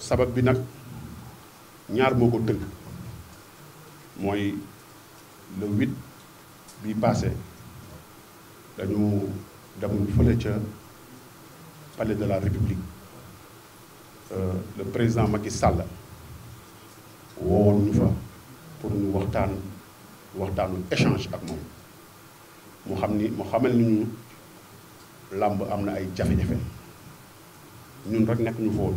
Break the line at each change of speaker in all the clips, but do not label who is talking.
sabab bi nag ñaar moo ko tënk mooy le bi passé dañu demul fële ca palais de la république euh, le président Macky Sall woowoon ñu fa pour ñu waxtaan waxtaanu échange ak moom mu xam ni mu xamal ni ñu làmb am na ay jafe-jafe ñun rek nekk ñu foon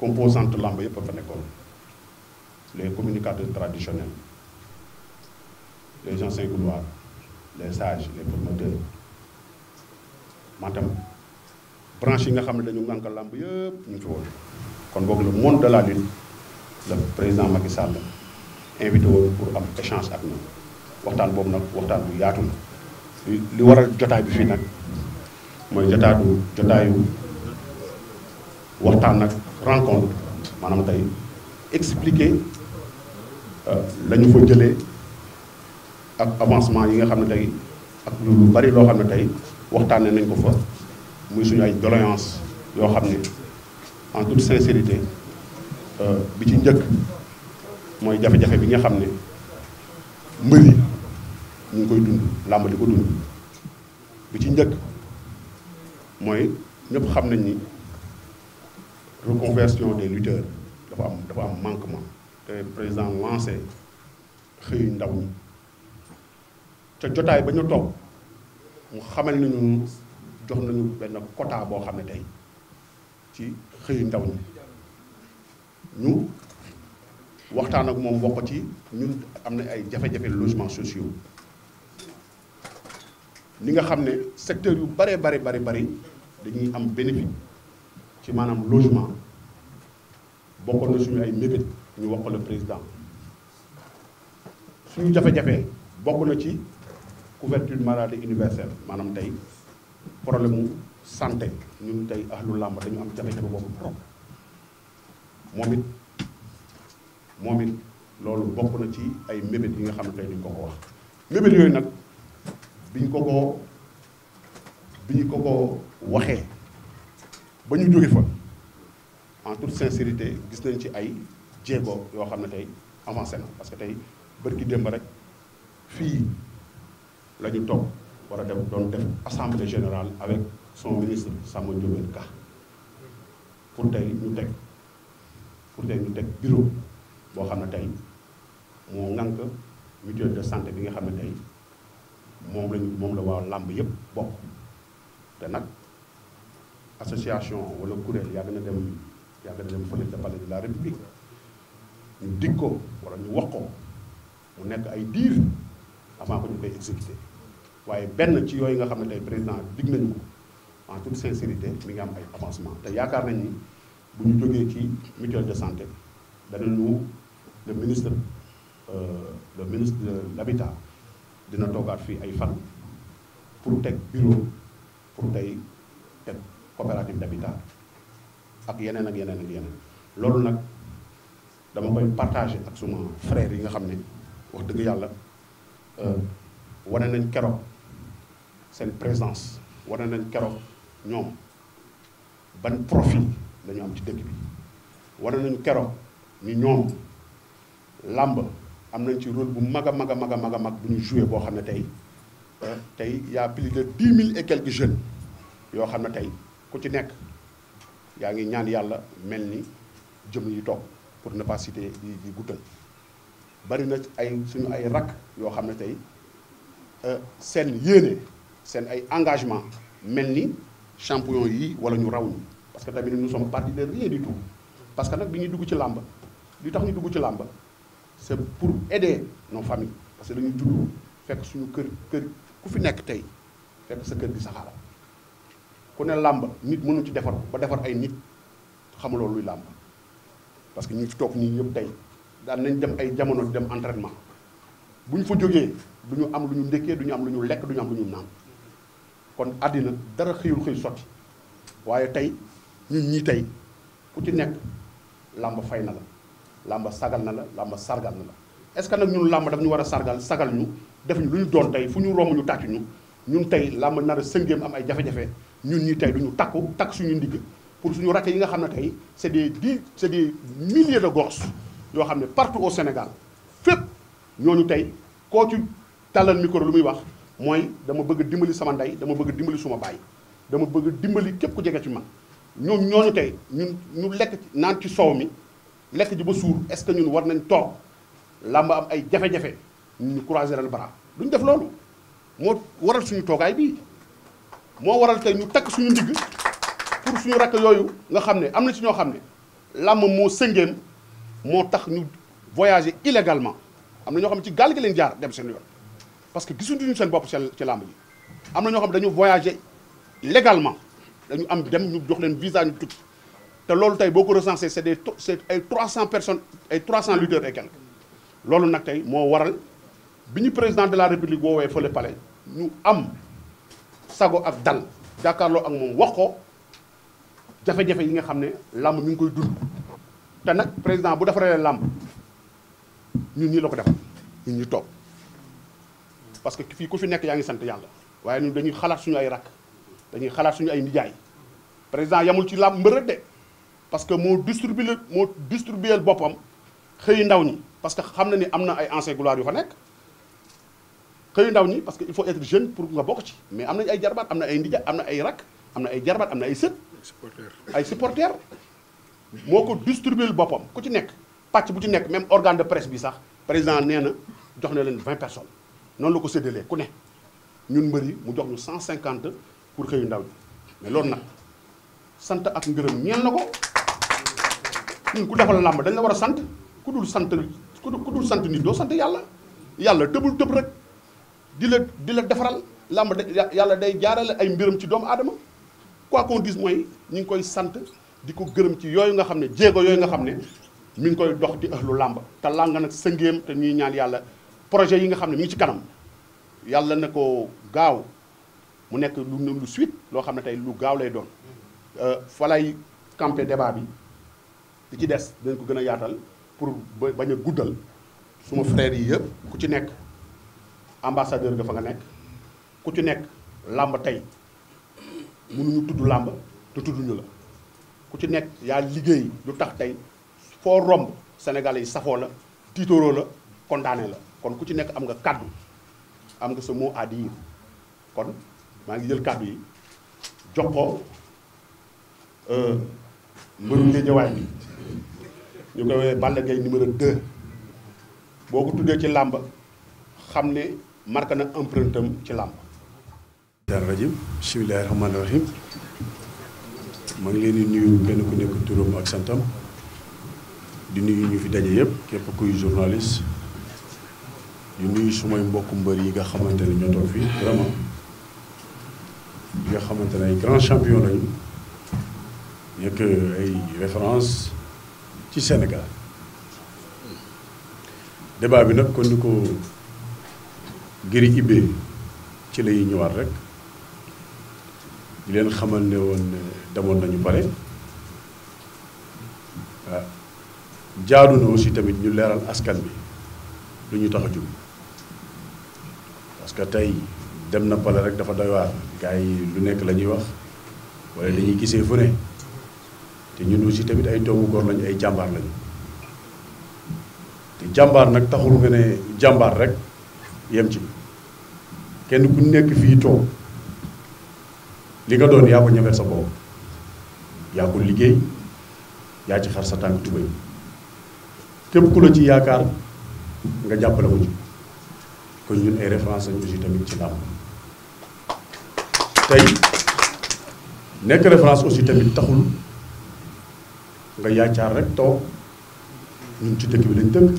composante làmb yëpp a fa nekkoon les communicateurs traditionnels les anciens couloirs les sages les promoteurs maanaam branche yi nga xam ne dañu ngànk làmb yëpp ñu fi woon kon boog la monde de la lutte le président Macky Sall invité woon pour am échange ak ñun waxtaan boobu nag waxtaan bu yaatu la li waral jotaay bi fii nag mooy jotaatu jotaayu waxtaan ak rencontre maanaam tey expliquer euh, la ñu fa jëlee ak avancement yi nga xam ne tey ak lu bari loo xam ne tey waxtaanee nañ ko fa muy suñu ay doléance yoo xam ne en toute sincérité euh, bi ci njëkk mooy jafe-jafe bi nga xam ne mbëri ñu ngi koy dund làmb di ko dund bi ci njëkk mooy ñëpp xam nañ ni
reconversion
des lutteurs dafa am dafa am manquement te président lancé xëyu ndaw ñi ca jotaay ba ñu toog mu xamal nañu jox nañu benn quota boo xam ne tey ci xëyu ndaw ñi ñu waxtaan ak moom wax ci ñun am na ay jafe-jafe logement sociaux li nga xam ne secteur yu bare bare bare bari dañuy am bénéfice ci maanaam logement bokkoon na suñu ay mébét ñu wax ko le président suñu jafe-jafe bokk na ci couverture maladie universelle maanaam tey problème mu santé ñu tey ahlu làmb dañu am jafe-jafe boobu trop moom it moom it loolu bokk na ci ay mébét yi nga xam ne tey ñu ko ko wax mébét yooyu nag biñ ko ko biñ ko ko waxee ba ñu jóge fa en toute sincérité gis nañ ci ay jéego yoo xam ne tey avancé na parce que tey bërki démb rek fii la ñu toog war a def doon def assemblée générale avec son ministre Samba Ndiobène Ka pour tey ñu teg pour tey ñu teg bureau boo xam ne tey moo ŋànk mutuelle de santé bi nga xam ne tey moom lañ moom la waa làmb yëpp bokk te nag association wala kuréel yàgg na dem yàgg na dem fële ca palais de la république ñu dig ko wala ñu wax ko mu nekk ay diir avant que ñu koy exécuter waaye benn ci yooyu nga xam ne tey président dig nañu ko en toute sincérité mi ngi am ay avancement te yaakaar nañ ni bu ñu jógee ci mutuelle de santé danañu le ministre euh, le ministre de l'habitat dina toogaat fii ay fan pour teg bureau pour tey teg coopérative d'habitat ak yeneen ak yeneen ak yeneen loolu nag dama koy partagé ak suma frère yi nga xam ne wax dëgg yàlla euh, wane nañ keroog seen présence wane nañ keroog ñoom ban profit lañu am ci dëkk bi wane nañ keroog ni ñoom làmb am nañ ci rôle bu mag a mag a mag a mag a mag bu ñu joué boo xam ne tey tey y a plus mille et quelques jeunes yoo xam ne tey ku ci nekk yaa ngi ñaan yàlla mel ni jëm yi toog pour ne pas citer di guddal bari na ay suñu ay rakk yoo xam ne tey euh, seen yéene seen ay engagement mel ni champion yi wala ñu raw ñu parce que tamit nous sommes partis de rien du tout parce que nag bi ñuy dugg ci làmb li tax ñu dugg ci làmb c'est pour aider nos familles parce que dañuy judd fekk suñu kër kër ku fi nekk tey fekk sa kër gi saxaara ku ne làmb nit mënu ci defar ba defar ay nit xamuloo luy làmb parce que ñu fi toog ñii ñëpp tey daan nañ dem ay jamono di dem entraînement bu ñu fa jógee du ñu am lu ñu ndékkee du ñu am lu ñu lekk du ñu am lu ñu naan kon àddina dara xëyul xëy sotti waaye tey ñun ñii tey ku ci nekk làmb fay na la làmba sagal na la làmba sargal na la est-ce que nag ñun làmb daf ñu war a sargal sagal ñu def ñu lu ñu doon tey fu ñu romb ñu tàcc ñu ñun tey làmb nar a sëngéem am ay jafe-jafe ñun ñi tey du ñu takku takk suñu ndigg pour suñu rakk yi nga xam ne tey c'est des di c'est des milliers de gosses yoo xam ne partout au Sénégal fépp ñooñu tey koo ci tàllal micro lu muy wax mooy dama bëgg dimbali sama ndey dama bëgg dimbali suma baay dama bëgg dimbali képp ku jege ci man ñoom ñooñu tey ñun ñu lekk naan ci soow mi lekk ji ba suur est-ce que ñun war nañ toog làmb am ay jafe-jafe ñu croiser le bras duñ def loolu moo waral suñu toogaay bii moo waral tey ñu takk suñu ndigg pour suñu rakk yooyu nga xam ne am na si ñoo xam ne làmb moo sëngéem moo tax ñu voyage illégalement am na ñoo xam ne ci jaar dem seen yoon parce que gisuñu seen bopp seen ci làmb ji am na ñoo xam ne dañu voyager légalement dañu am dem ñu jox leen visa ñu tukki te loolu tey boo ko recensé c' est des c' est ay 300 personnes ay 300 lutteurs et quelques loolu nag tey moo waral bi ñu président de la république woowee fële palais ñu am sago ak dal jàkkaarloo ak moom wax ko jafe-jafe yi nga xam ne làmb mi ngi koy dund. te nag président bu defaree làmb ñun ñii la ko def ñun ñu toog parce que fii ku fi nekk yaa ngi sant yàlla waaye ñun dañuy xalaat suñu ay rakk dañuy xalaat suñu ay nijaay président yamul ci làmb mbër de. parce que moo distribué moo distribué boppam xëy ndaw ñi parce que xam na ni am na ay anciens gloires yu fa nekk xëy ndaw ñi parce que il faut être jeune pour nga bokk ci mais am nañu ay jarbaat am na ay ndija am na ay rak am na ay jarbaat am na ay sët. ay supporters moo ko distribué boppam ku ci nekk pacc bu ci nekk même organe de presse bi sax président nee na jox na leen 20 personnes noonu la ko séddalee ku ne ñun mbër yi mu jox ñu 150 pour xëyu ndaw ñi mais loolu nag sant ak ngërëm ñeel na ko. ku defal làmb dañ la war a sant ku dul sant ku dul sant nit doo sant yàlla yàlla tëbul tëb rek di la di la defaral làmb da yàlla day jaarale ay mbiram ci doomu adama quoi qu'on dise mooy ñu ngi koy sant di ko gërëm ci yooyu nga xam ne jéego yooyu nga xam ne mi ngi koy dox di ëxlu làmb te làng nag sëngéem te ñuy ñaan yàlla projet yi nga xam ne mi ngi ci kanam yàlla na ko gaaw mu nekk lu lu suite loo xam ne tey lu gaaw lay doon euh, fa campé débat bi li ci des dinañ ko gën a yaatal pour bañ a guddal suma frères yi yëpp ku ci nekk ambassadeur nga fa nga nekk ku ci nekk làmb tey mënuñu tudd làmb te tudduñu la ku ci nekk yaa liggéey lu tax tey foo romb sénégal yi safoo la tiitooroo la kontaane la kon ku ci nekk am nga kàddu am nga sa mot à dire kon maa ngi jël kàddu yi jox ko euh, mbëru Géejawaay bi ñu koy woowee Balla Gaye numéro 2 boo ko tuddee ci làmb xam ne marqué na empreinte ci làmb daal rajim bismillaahi rahmaani rahim maa ngi leen di nuyu kenn ku nekk turam ak santam di nuyu ñu fi daje yëpp képp kuy journaliste di nuyu sumay mbokk mbër yi nga xamante ne ñoo toog vraiment yi nga xamante ne ay grand champion lañu nekk ay référence ci Sénégal débat bi nag kon ni ko gëri ibbee ci lay ñëwaat rek di leen xamal ne woon demoon nañu pare waaw ah, jaadu na tamit ñu leeral askan bi lu ñu tax a jóg parce que tey dem na pale rek dafa doy waar lu nekk lañuy wax wax wala ñuy gisee fu ne te ñun aussi tamit ay doomu góor lañu ay jàmbaar lañu te jàmbaar nag taxul nga ne jàmbaar rek yem ci kenn ku nekk fii toog li nga doon yaa ko ñemeel sa bopp yaa ko liggéey yaa ci xar sa tànk tubéy képp ku la ci yaakaar nga jàppale ko ci kon ñun ay référence lañu aussi tamit ci làmb tey nekk référence aussi tamit taxul. nga yaacaar rek toog ñun ci dëkk bi lañ dëkk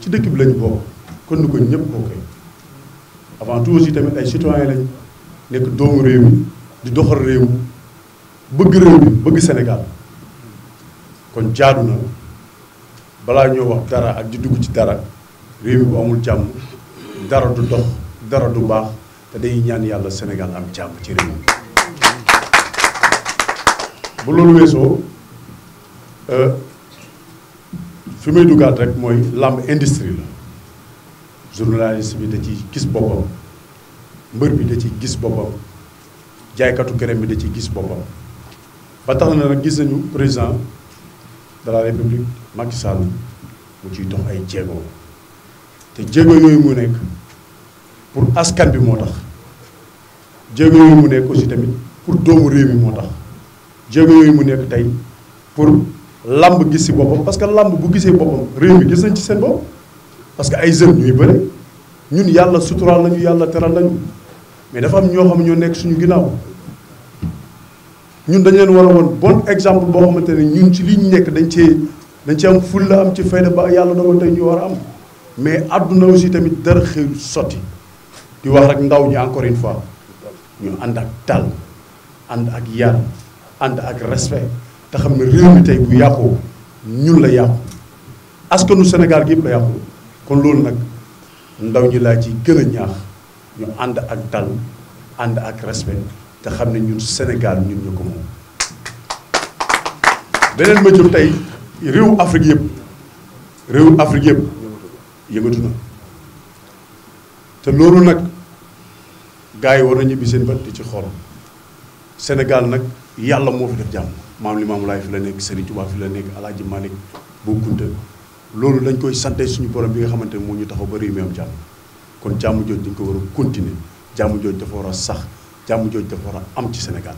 ci dëkk bi lañ bokk kon ni ko ñëpp bokkee avant tout aussi tamit ay citoyen lañ nekk doomu réew mi di doxal réew mi bëgg Sénégal kon jaadu na balaa ñoo wax dara ak di dugg ci dara réew mi bu amul jàmm dara du dox dara du baax te day ñaan yàlla Sénégal am jàmm ci réew mi bu loolu weesoo Euh, fi may duggaat rek mooy làmb industrie la journaliste bi da ci gis boppam mbër bi da ci gis boppam jaaykatu këram bi da ciy gis boppam ba tax na nag gis nañu président de la république Macky Sall mu dox ay jéego te jéego yooyu mu nekk pour askan bi moo tax jéego yooyu mu nekk aussi pour doomu réew mu nekk pour. làmb gis si boppam parce que làmb bu gisee boppam réew mi gis nañ ci seen bopp parce que ay jeunes ñuy bëre ñun yàlla suturaal nañu yàlla teral nañu mais dafa am ñoo xam ñoo nekk suñu ginnaaw ñun dañ leen war a woon bon exemple boo xamante ne ñun ci li ñu nekk dañ cee dañ ci am la am ci fayda ba yàlla dogal tey ñu war a am mais àdduna aussi tamit dara xëyul sotti di wax rek ndaw ñi encore une fois ñu ànd ak dal ànd ak yar ànd ak respect te xam ne réew mi tey bu yàqoo ñun la yàqu askanu Sénégal gi gépp la yàqu kon loolu nag ndaw ñi laa ci gën a ñaax ñu ànd ak dal ànd ak respect te xam ne ñun Sénégal ñun ñu ko moom. beneen ma jëm tey réew Afrique yëpp réew Afrique yëpp yëngatu na te loolu nag gars yi war nañu ñibbi seen bët ci xool Sénégal nag yàlla moo fi def jàmm. maam Limaamu Laay fi la nekk Serigne Touba fi la nekk Alaaji Malick boo Kounta loolu dañ koy sante suñu borom bi nga xamante ne moo ñu taxaw ba réew mi am jàmm kon jàmm jooj dañ ko war a continuer jàmm jooj dafa war a sax jàmm jooj dafa war a am ci Sénégal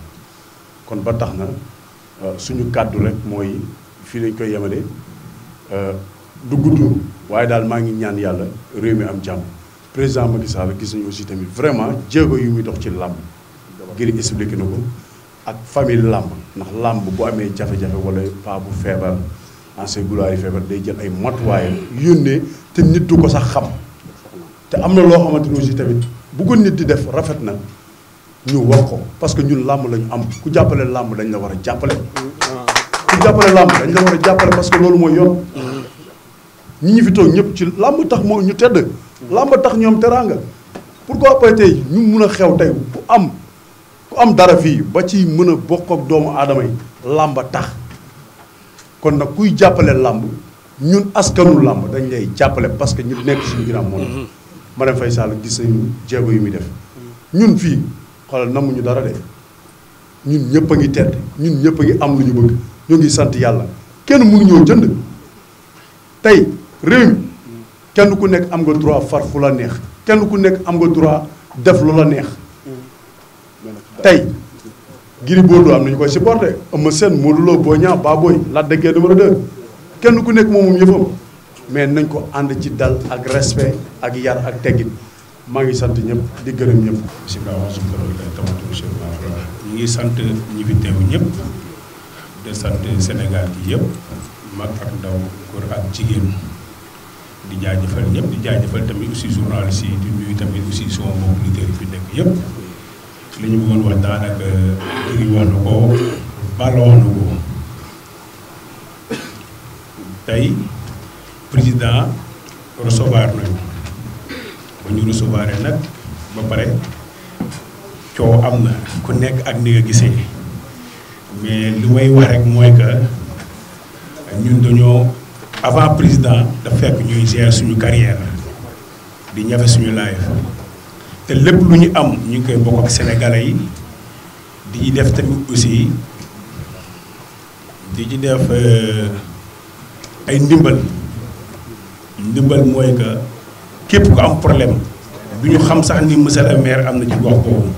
kon ba tax na euh, suñu kàddu rek mooy fii lañ koy yemale euh, du gudd waaye daal maa ngi ñaan yàlla réew mi am jàmm président Macky Sall gis nañu aussi tamit vraiment jéego yu muy dox ci làmb ngir expliqué na ko ak famille làmb ndax làmb bu amee jafe-jafe wala paa bu feebar ancien gloire yi feebar day jël ay matuwaayam yónnee te nit du ko sax xam te am na loo xamante ni aussi tamit bu ko nit di def rafet na ñu wax ko parce que ñun làmb lañu am ku jàppale làmb dañ la war a jàppale ku jàppale làmb dañ la war a jàppale parce que loolu mooy yoon ñi ñu fi toog ñëpp ci làmb tax moo ñu tedd làmb tax ñoom teraanga pourquoi pas tey ñu mun a xew tey bu am ku am dara fii ba ci mën a bokk ak doomu aadama yi làmba tax kon nag kuy jàppale làmb ñun askanu làmb dañ lay jàppale parce que ñu nekk si suñu ginnaaw moom Marème Faye Sall gis nañu jéego yu muy def ñun fii xoolal namuñu dara de ñun ñëpp a ngi tedd ñun ñëpp a ngi am lu ñu bëgg ñu ngi sant yàlla kenn mu mënu ñoo jënd tey réew mi kenn ku nekk am nga droit far fu la neex kenn ku nekk am nga droit def lu la neex tey Gris Bordeaux am nañu koy supporté Eumeu Sène Modou Lo Boy Niang Baboy Lac de Guiers numéro 2 kenn ku nekk moom moom yëfam mais nañ ko ànd ci dal ak respect ak yar ak teggin maa ngi sant ñëpp di gërëm ñëpp. bisimilah wa ngi sant ñi fi sant Sénégal gi yëpp mag ak ndaw góor ak jigéen di jaajëfal ñëpp di jaajëfal tamit aussi journaliste yi di nuyu tamit aussi son mbokku leader fi nekk yëpp. li ñu bëggoon wax daanaka kii woon na ko balloo na tey président recevoir nañu ba ñu recevoir nag ba pare coow am na ku nekk ak ni nga gisee mais li may wax rek mooy que ñun dañoo avant président da fekk ñuy gérer suñu carrière di ñafe suñu life te lépp lu ñu am ñu ngi koy bokk ak sénégalais yi di ci def tamit aussi di ci def euh, ay ndimbal ndimbal mooy que képp ku am problème du ñu xam sax ni monsieur le am na ci gox boobu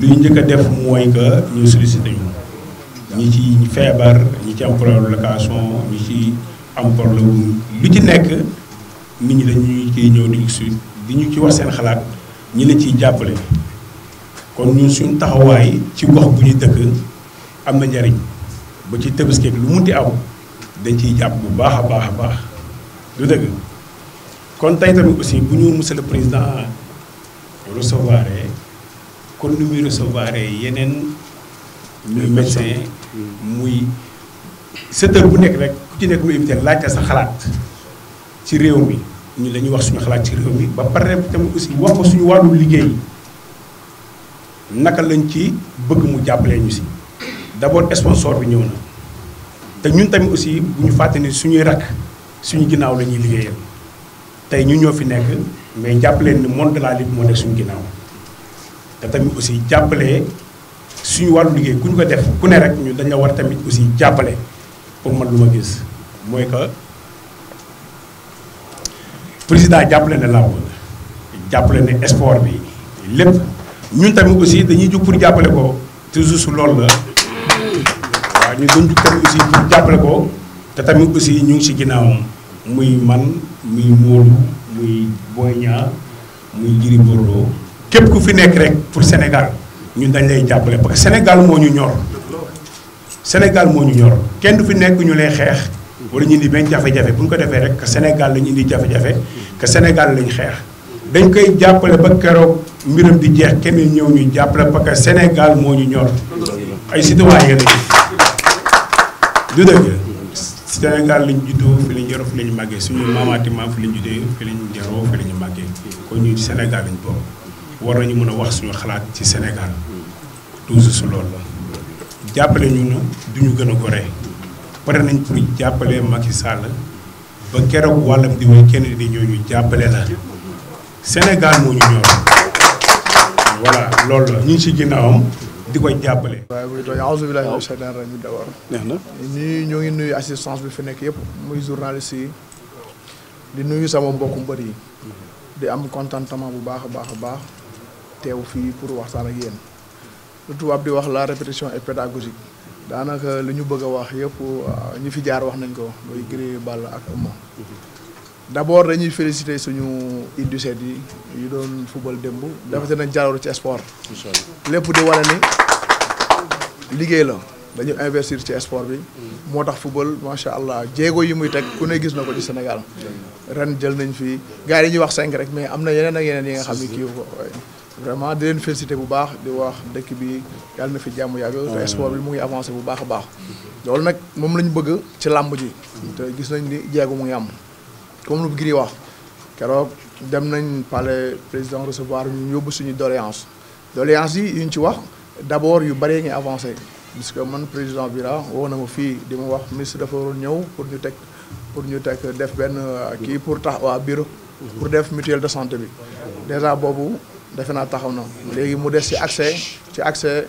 lu ñu njëkk a def mooy que ñu sollicité ñu ñi ci feebar ñi ci am problème location ñi ci am problème lu ci nekk nit ñi dañuy ciy ñëw di ñu di ñu ci wax seen xalaat ñi la ciy jàppale kon ñun suñ taxawaay ci gox bu ñu dëkk am na njariñ ba ci tëbaskeeg lu munti aw dañ ciy jàpp bu baax a baax a baax du dëgg kon tey tamit aussi bu ñu monsieur le président recevoir kon nu muy recevoir yeneen muy muy secteur bu nekk rek ku ci nekk mu invité laajte sa xalaat ci réew mi ñu dañuy wax suñu xalaat ci réew mi ba pare tamit aussi wax ko suñu wàllu liggéey naka lañ ci bëgg mu jàppalee ñu si d'abord sponsor bi ñëw na te ñun tamit aussi bu ñu fàttani suñuy rakk suñu ginnaaw lañuy ñuy liggéeyal tey ñu ñoo fi nekk mais jàppaleen ni monde de la lutte moo nekk suñu ginnaaw te tamit aussi jàppale suñu wàllu liggéey ku ñu ko def ku ne rek ñu dañ la war tamit aussi jàppale pour man lu ma gis mooy que. président jàppale na làmb jàppale ne sport bi lépp ñun tamit aussi dañuy jug pour jàppale ko toujours su loolu la waaw ñu dañ jug tamit aussi pour jàppale ko te tamit aussi ñu ngi si ginnaawam muy man muy Modou muy Boy Niang muy Gris Bordeaux képp ku fi nekk rek pour Sénégal ñun dañ lay jàppale parce que Sénégal moo ñu ñor Sénégal moo ñu ñor kenn du fi nekk ñu lay xeex wala ñu indi benn jafe-jafe bu ñu ko defee rek Sénégal la ñu indi jafe-jafe que Sénégal lañ xeex dañ koy jàppale ba keroog mbiram di jeex kenn ñëw ñu jàppale parce que Sénégal moo ñu ñor ay citoyen lañu du dëgg Sénégal lañ juddoo fi lañ yaroo fi lañ màggee suñu maamaati maam fi lañ juddoo fi lañ yaroo fi lañ màggee kon ñu Sénégal lañ bokk war nañu mën a wax suñu xalaat ci Sénégal toujours su loolu la jàppale ñu duñu gën a gore pare nañ pour jàppale Macky Sall ba keroog wàllam di way kenn di ñëw ñu jàppale la Sénégal moo ñu ñor voilà loolu la ñu ngi si ginnaawam di koy jàppale.
waaw muy doon aouzu billahi neex na ñii ñoo ngi nuyu assistance bi fi nekk yëpp muy journaliste yi di nuyu sama mbokku mbër yi di am contentement bu baax a baax baax teew fii pour waxtaan ak yéen lu tubaab di wax la répétition est pédagogique. daanaka li ñu bëgg a wax yëpp euh, ñu fi jaar wax nañ ko muy Gris Balla ak Eumeu mhm. d' abord dañuy féliciter suñu u yi yu doon football démb defate nañ jaloor ci sport lépp di wane ni liggéey la dañu investir ci sport bi mhm. moo tax football macha allah jéego yi muy teg ku ne gis na ko di Sénégal mhm. ren jël nañ fi gars yi ñuy wax cinq rek mais am na yeneen ak yeneen yi nga xam ni kii ko vraiment di leen félicité bu baax di wax dëkk bi yàlla na fi jàmm yàgg te sport bi mu ngi avancé bu baax a baax loolu nag moom la ñu bëgg ci làmb ji te gis nañ ni jeego mu ngi am comme lu giri wax keroog dem nañ palais président recevoir ñu yóbbu suñu doléance doléance yi ñu ci wax d' abord yu bëree ngi avancé parce que man président la woo na ma fii di mu wax ministre dafa waroon ñëw pour ñu teg pour ñu teg def benn euh, kii pour tax waa bureau pour def mutuelle de santé bi defe naa taxaw na léegi mu des ci accès ci accès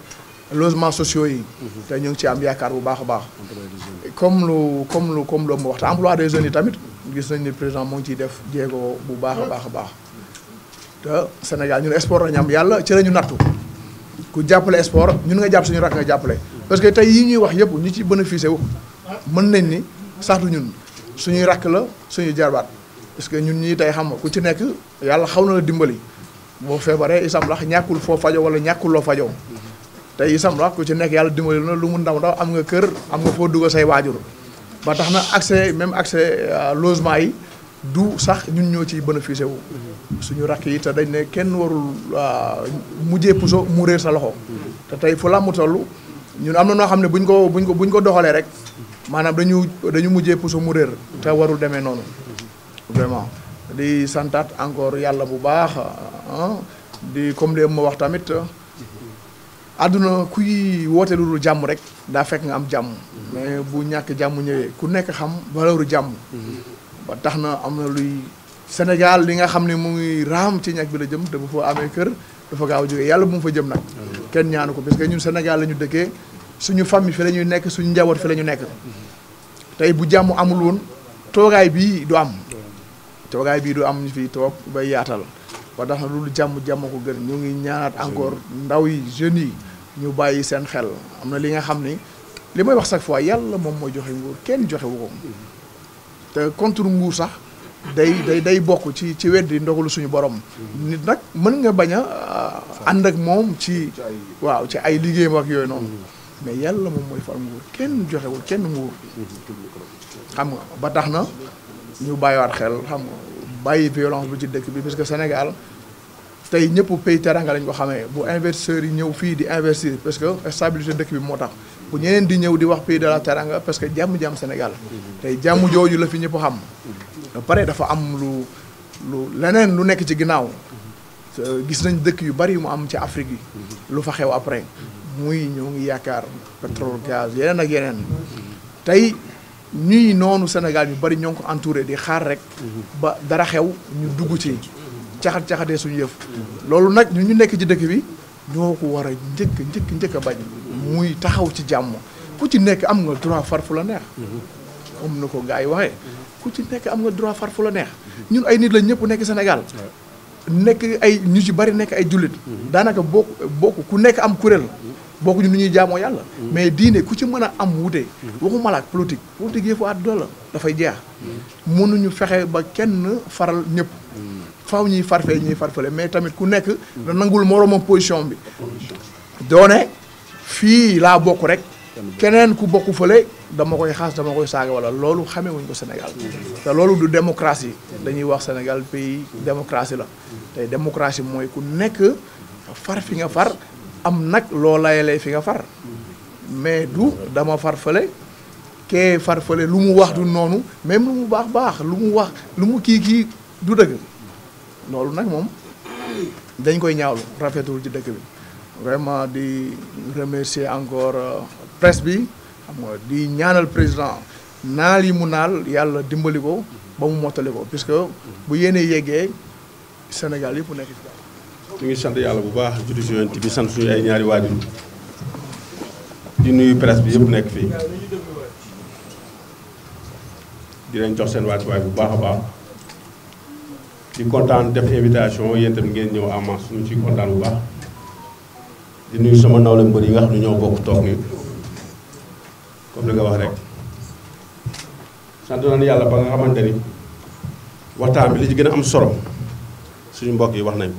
logements sociaux yi te ñu ngi ci am yaakaar bu baax a baax comme lu comme lu comme loolu mu wax te emploi des jeunes yi tamit gis nañ ni président moo ngi ciy def jéego bu baax a baax a baax te Sénégal ñun sport lañu am yàlla ci lañu nattu ku jàppale sport ñun nga jàpp suñu rakk nga jàppale parce que tey yi ñuy wax yëpp ñu ci bénéficié wu mën nañ ni sax du ñun suñuy rakk la suñuy jarbaat parce que ñun ñii tey xam ku ci nekk yàlla xaw na la dimbali boo feebaree isam lax ñàkkul foo fajo wala ñàkkuloo loo fajo te isam lax ku ci nekk yàlla dimbali na lu mu ndaw ndaw am nga kër am nga foo dugal say waajur ba tax na accès même accès euh, logement yi du sax ñun ñoo ciy bénéficié wu suñu rakk yi te dañ ne kenn warul euh, mujjee puso mu réer sa loxo te tey fu làmb toll ñun am na noo xam ne buñ ko buñ ko buñ ko doxalee rek maanaam dañu dañu mujjee puso mu réer te warul demee noonu di santaat encore yàlla bu baax ah, di comme li ma wax tamit àdduna kuy woote jàmm rek daa fekk nga am jàmm mais bu ñàkk jàmm ñëwee ku nekk xam valeuru jàmm ba tax na am na luy Sénégal li nga xam ni mu ngi raam ci ñàkk bi la jëm te bu fa amee kër dafa gaaw a yàlla bu mu fa jëm nag kenn ñaanu ko parce que ñun Sénégal la ñu dëkkee suñu famille fi la ñuy nekk suñu njaboot fi la ñu nekk tey bu jàmm amul woon toogaay bii du am toogaay bii du am ñu fi toog ba yaatal ba tax na loolu jàmm jàmm ko gën ñu ngi ñaanaat encore ndaw yi jeunes yi ñu bàyyi seen xel am na li nga xam ni li may wax chaque fois yàlla moom mooy joxe nguur kenn joxe wu contre nguur sax day day day bokk ci ci weddi ndogalu suñu borom. nit nag mën nga bañ a ànd ak moom ci. waaw ci ay liggéeyam ak yooyu noonu. Mm-hmm. mais yàlla moom mooy fal kenn joxewul kenn nguur. Mm-hmm. xam nga ba tax na. ñu bàyyiwaat xel xam nga bàyyi violence bu ci dëkk bi parce que Sénégal tey ñëpp pays teranga lañ ko xamee bu investisseurs yi ñëw fii di investir parce que stabilité dëkk bi moo tax bu ñeneen di ñëw di wax pays de la teranga parce que jàmm-jàmm Sénégal tey jàmm jooju la fi ñëpp xam ba pare dafa am lu lu leneen lu nekk ci ginnaaw gis nañ dëkk yu bari yu mu am ci Afrique yi lu fa xew après muy ñëw ngi yaakaar pétrole gaz yeneen ak yeneen tey ñuy noonu Sénégal yu bari ñoo ngi ko entouré di xaar rek mhm. ba dara xew ñu dugg ci mhm. caxat caxatee suñu yëf loolu nag ñu ñu nekk ci dëkk bi ñoo ko war njëkk njëkk njëkk a bañ muy taxaw ci jàmm ku ci nekk am nga droit far fu la neex am mhm. na ko gars yi waxee ku ci nekk am nga droit far fu la neex ñun ay nit lañ ñëpp nekk Sénégal nekk ay ñu ci bari nekk ay jullit daanaka bokk bokk ku nekk am kuréel bokkuñu nu ñuy jaamoo yàlla. Mm. mais diine ku ci mën a am wute. Mm. waxuma la ak politique politique yëfu àdduna la dafay jeex. mënuñu fexe ba kenn faral ñëpp. Mm. faw ñuy farfee ñuy farfale mais tamit ku nekk. da nangul moroomam position bi. doone fii laa bokk rek. keneen ku bokk fële dama koy xaas dama koy saaga wala loolu xamee wuñ ko Sénégal te loolu du démocratie dañuy wax Sénégal pays démocratie la tey démocratie mooy ku nekk far fi nga far am nag loo layalee fi nga far mais du dama farfale fële kee far lu mu wax du noonu même lu mu baax baax lu mu wax lu mu kii kii du dëgg loolu nag moom dañ koy ñaawlu rafetul ci dëkk bi vraiment di remercier encore euh, presse bi xam di ñaanal président naal yi mu naal yàlla dimbali ko ba mu mottali ko puisque bu yéene yeggee Sénégal yëpp nekk ci
ñu sant yàlla bu baax juddi si yonent bi sant suñu ay ñaari waajur di nuyu presse bi yëpp nekk fii di leen jox seen wàccuwaay bu baax a baax di kontaan def invitation yéen tam ngeen ñëw en suñu ñu ciy kontaan bu baax di nuyu sama nawle mbër yi nga xam ne ñoo bokk toog ni comme li nga wax rek sant nañu yàlla ba nga xamante ni waxtaan bi li ci gën a am solo suñu mbokk yi wax nañ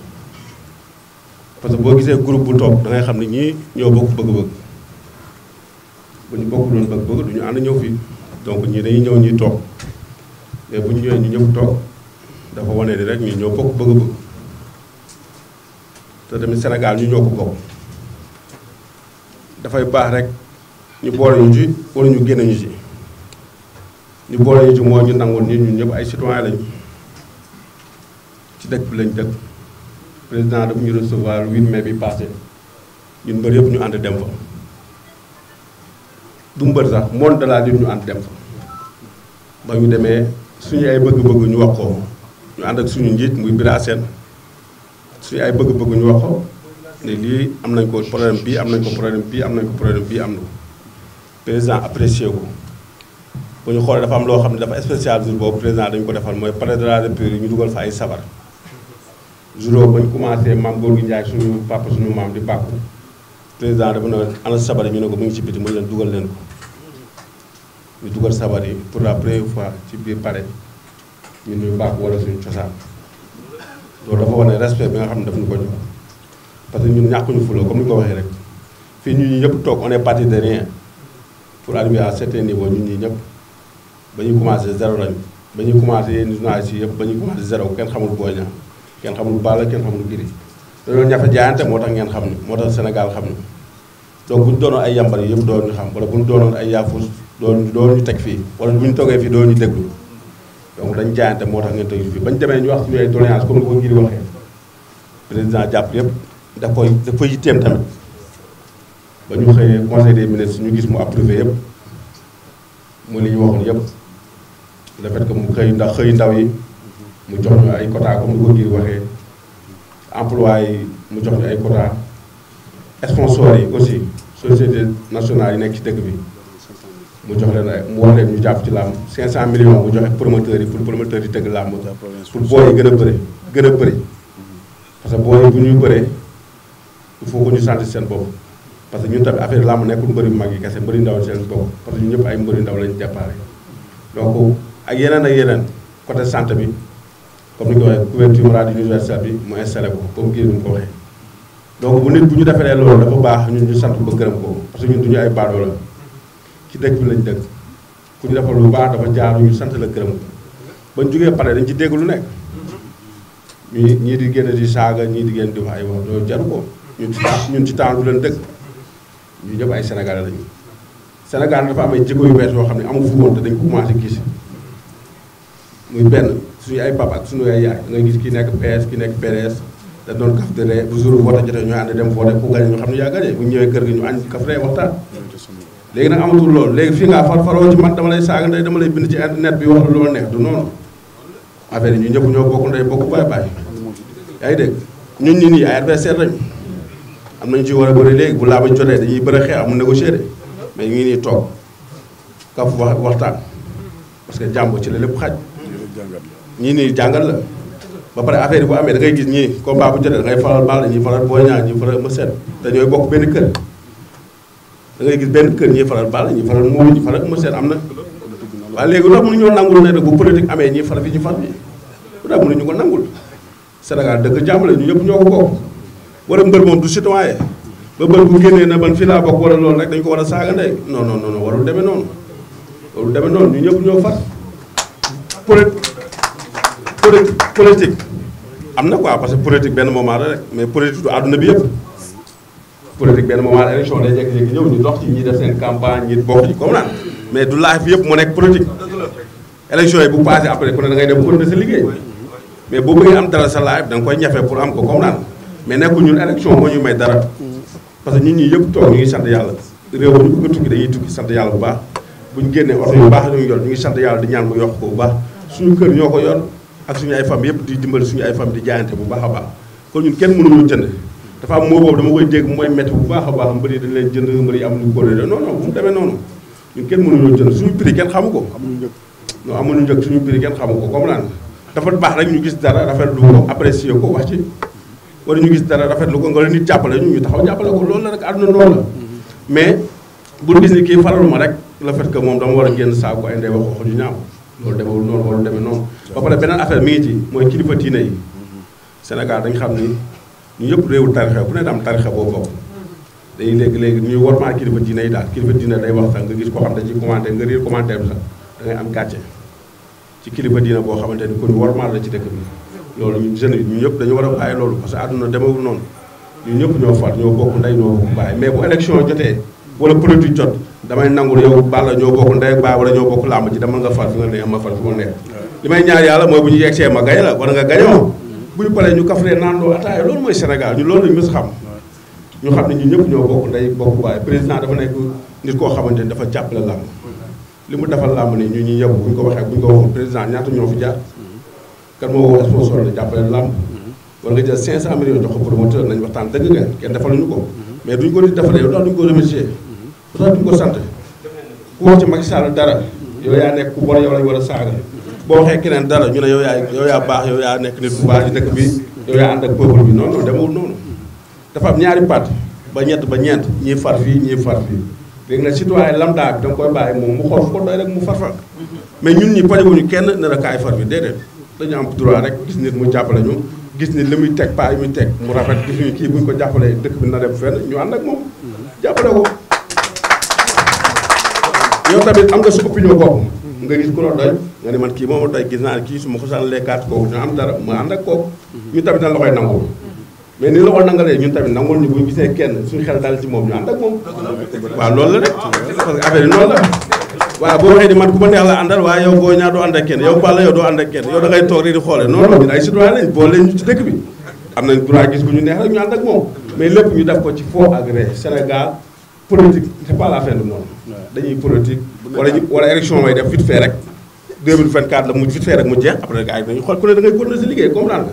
parce que boo gisee groupe bu toog da ngay xam ne ñii ñoo bokk bëgg-bëgg bu ñu bokk doon bëgg-bëgg du ñu ànd ñëw fii donc ñii dañuy ñëw ñuy toog mais bu ñu ñëwee ñu ñëpp toog dafa wane rek ñu ñoo bokk bëgg-bëgg te tamit Sénégal ñu ñoo dafay baax rek ñu boole ñu ci wala ñu génne ñu ci ñu boole ñu ci mooy ñu nangul nit ñun ñëpp ay citoyen lañu ci dëkk bi lañ dëkk. président dafa ñu recevoir 8 mais bi passé ñun mbër yëpp ñu ànd dem fa du mbër sax monde de la lutte ñu ànd dem fa ba ñu demee suñu ay bëgg-bëgg ñu wax ko ñu ànd ak suñu njiit muy Bira Sène suñu ay bëgg-bëgg ñu wax ko ne lii am nañ ko problème bii am nañ ko problème bii am nañ ko problème bii am na ko président apprécié ko bu ñu xoolee dafa am loo xam ne dafa spécial jour boobu président dañu ko defal mooy palais de la ñu dugal fa ay sabar ba bañ commencé maam Gorgui Ndiaye suñu papa suñu maam di bàkku président dafa ne ana sabari ñu ne ko mu ngi ci biti mu leen dugal leen ko ñu dugal yi pour la première fois ci biir pare ñu ñu bàkku wala suñu cosaan loolu dafa wane respect bi nga xam ne ñu ko jox parce que ñun ñàkkuñu fuloo comme ko waxee rek fii ñun ñi ñëpp toog on parti de rien pour arriver à certain niveau ñun ñi ñëpp ba ñu commencé zéro lañu ba ñuy commencé yenn journalistes yi yëpp ba ñu commencé zéro kenn xamul booy ñaam kenn xamul lu baax la kenn xamul lu giri loolu ñafe jaayante moo tax ngeen xam ni moo tax Sénégal xam ni donc bu ñu doonoon ay yambar yëpp doo ñu xam wala bu ñu doonoon ay yaafus doon doon ñu teg fii wala bu ñu toogee fii doon ñu déglu donc dañ jaayante moo tax ngeen teg fii bañ demee ñu wax suñu ay doléance comme ni ko ngiri waxee président jàpp yëpp daf koy daf koy yitteem tamit ba ñu xëyee conseil des ministres suñu gis mu approuvé yëpp mu li ñu waxoon yëpp le fait mu xëy ndax xëy ndaw yi mu jox na ay quota comme ni ko ngir waxee emploi yi mu jox ñu ay quota sponsors yi aussi société nationale yi nekk ci dëkk bi mu jox leen ay mu wax leen ñu jàpp ci làmb cent million mu joxe promoteurs yi pour promoteurs yi tëgg làmb pour booy yi gën a bëri gën a bëri parce que booy yi bu ñuy bëree il faut que ñu sentir seen bopp parce que ñun tamit affaire làmb nekkul mbëri mag yi kese mbëri ndaw seen bopp parce que ñun ñëpp ay mbëri ndaw lañu jàppaale donc ak yeneen ak yeneen côté santé bi. comme ni nga ko waxee couverture radio universelle bi mu installé ko comme kii ni ko waxee. donc bu nit bu ñu defaree loolu dafa baax ñun ñu sant ba gërëm ko parce que ñun duñu ay baadoo la ci dëkk bi lañ dëkk ku ñu defal lu baax dafa ñu sant la gërëm ko ba ñu jógee pare dañ ci dégg lu nekk. ñii ñii di génn di saaga ñii di génn di wax ay wax loolu jaru ko ñun ci temps ñun ci temps du leen dëkk ñu ñëpp ay sénégalais lañu. Sénégal dafa am ay jikko yu bees yoo xam ne amu fu woon te dañ ko commencé muy benn suñu ay papa ak suñu ay yaay da ngay gis ki nekk PS ki nekk PDS da doon kaf de ree bu jour bu vote jotee ñu ànd dem vote ku gañe ñu ne yaa bu ñëwee kër gi ñu añ kaf ree waxtaan léegi nag amatul loolu lay saaga ndey lay bind ci internet bi wax lu la neex du noonu affaire yi ñu ñëpp ñoo bokk ndey bokk baay baay yaa ñun nii ay am nañu ci war a bëri bu laa bañ jotee dañuy bëri xeex amul négocier de mais ñu ngi nii toog kaf wax waxtaan parce que jàmb ci la lépp xaj ñii nii jàngal la ba pare affaire bu amee da gis ñii combat bu jotee da ngay faral Balla ñii faral Boy Niang ñii faral Eumeu Sène te ñooy bokk benn kër da ngay gis benn kër ñii faral Balla ñii faral Modou ñii faral Eumeu Sène am na waaye léegi loolu mënuñoo nangul ne nag bu politique amee ñii faral fi ñu far bi lu tax mënuñu ko nangul Sénégal dëkk jàmm la ñu ñëpp ñoo ko bokk wala mbër moom du citoyen ba bër bu génnee na ban fii laa bokk wala loolu rek dañ ko war a saaga ndey non non demee noonu warul demee noonu ñu ñëpp ñoo far politique am na quoi parce que politique benn moment la rek mais politique du àdduna bi yëpp politique benn moment la élection day jékki-jékki ñëw ñu dox ci ñi def seen campagne ñi bokk ci comme naan mais du laaj bi yëpp mu nekk politique élection yi bu passé après ku ne da ngay dem continuer sa liggéey mais boo bëggee am dara sa laaj da nga koy ñafe pour am ko comme naan mais nekkul ñun élection moo ñu may dara parce que ñun ñi yëpp toog ñu ngi sant yàlla réew mi ñu bëgg a ngi yor di ñaan mu yokk ko bu baax suñu ko yor ak suñu ay femme yëpp di dimbali suñu ay femme di jaayante bu baax a baax kon ñun kenn mënuñu jënd dafa am moo boobu dama koy dégg mooy métti bu baax a baax mbëri dañ leen jënd mbëri am ñu ko non non bu mu demee jënd suñu prix kenn xamu ko amuñu njëg non amuñu njëg suñu prix kenn xamu ko comme naan dafa baax rek ñu gis dara rafetlu ko apprécier ko wax ci ñu gis dara rafetlu ko nga leen jàppale ñu jàppale ko loolu la rek mm-hmm. mais kii faralu ma rek le fait que moom dama war a génn saako ay ndey wax wax ñu ñaaw loolu noonu ba pare beneen affaire mi ngi ci mooy kilifa diine yi Sénégal dañ xam ni ñu yëpp réewu tarixa bu ne daam tarixa boobu bokk dañuy léegi-léegi ñuy warmaa kilifa diine yi daal kilifa diine day wax sax nga gis koo xam ne ci commenté nga riir commentaire bi sax da ngay am boo xamante ni kon warmaa la ci dëkk bi loolu ñu jeunes yi ñu ñëpp dañu war a bàyyi loolu parce que àdduna demewul noonu ñu ñëpp ñoo far ñoo bokk ndey ñoo bàyyi mais bu élection jotee wala produit jot damay nangul yow Balla ñoo bokk ndey ak baay wala ñoo bokk làmb ci dama nga far fi nga neex ma far fi ma neex li may ñaar yàlla mooy bu ñu yegsee ma gañ la wala nga gañ ma bu ñu paree ñu kafree naandoo loolu mooy Sénégal ñu loolu lañu xam ñu ñu ñëpp ñoo bokk ndey bokk président dafa koo xamante ni dafa jàppale làmb mu defal làmb ni ñu ñu bu ñu ko waxee bu ñu ko waxoon président ñaata ñoo fi jaar kan moo woo sponsor jàppale làmb war nga jël 500 millions jox ko promoteur nañ waxtaan dëgg nga kenn defaluñu ko mais duñ ko nit defalee yow daal duñ ko remercier lu tax duñ ko sant ku wax ci Macky dara yow yaa nekk ku bon yow lañ war a saaga boo waxee keneen dara ñu ne yow yaa yow yaa baax yow yaa nekk nit bu baax ci dëkk bi yow yaa ànd ak peuple bi non non demewul noonu dafa am ñaari parti ba ñett ba ñeent ñii far fii ñii far fii léegi nag citoyen lambda bi da nga mu xool mais ñun ñi pariwuñu kenn ne la kaay bi déedéet dañu am droit rek gis nit mu jàppale gis ni li muy teg paa yi muy teg mu rafet gis ñu kii ko jàppalee dëkk bi na dem fenn ñu ànd moom jàppale ko
yow tamit am nga sa opinion bopp
nga gis ku la nga ne man kii moom doy gis naa kii su ma xosaan lekkaat kooku ñu am dara ma ànd ak kooku ñun tamit dañ la nangul mais ni la nangalee ñun tamit nangul ñu bu gisee kenn suñu xel daal ci moom ñu ànd ak moom waaw loolu la rek parce que affaire yi noonu la waaw boo waxee di man ku la àndal waaye yow boo ñaar doo ànd ak kenn yow Balla yow doo ànd ak kenn yow da ngay toog rek di xoole noonu ñun ay citoyen lañ boo leen ñu ci dëkk bi am nañ droit gis gu ñu neex rek ñu ànd ak moom mais lépp ko ci foo ak 2024 la mu vite fait mu jeex après gars yi dañuy xool ku ne da ngay na si liggéey comprendre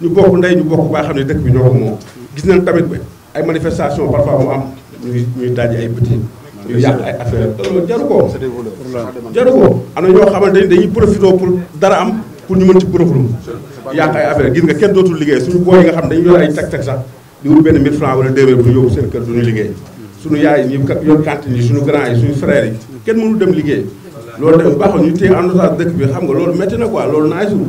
nga ñu bokk ndey ñu bokk baa xam ne dëkk bi ñoo ko moom gis nañ tamit ba ay manifestation parfois mu am ñuy ñuy dajji ay petit ñu yàq ay affaire jaru ko am na ñoo xamante dañuy profité pour dara am pour ñu mën ci profité yàq ay affaire gis nga kenn dootul liggéey suñu booy yi nga xam dañu yor ay teg teg sax di wut benn 1000 francs wala loolu tamit baaxul ñu téye en otage dëkk bi xam nga loolu métti na quoi loolu naay suul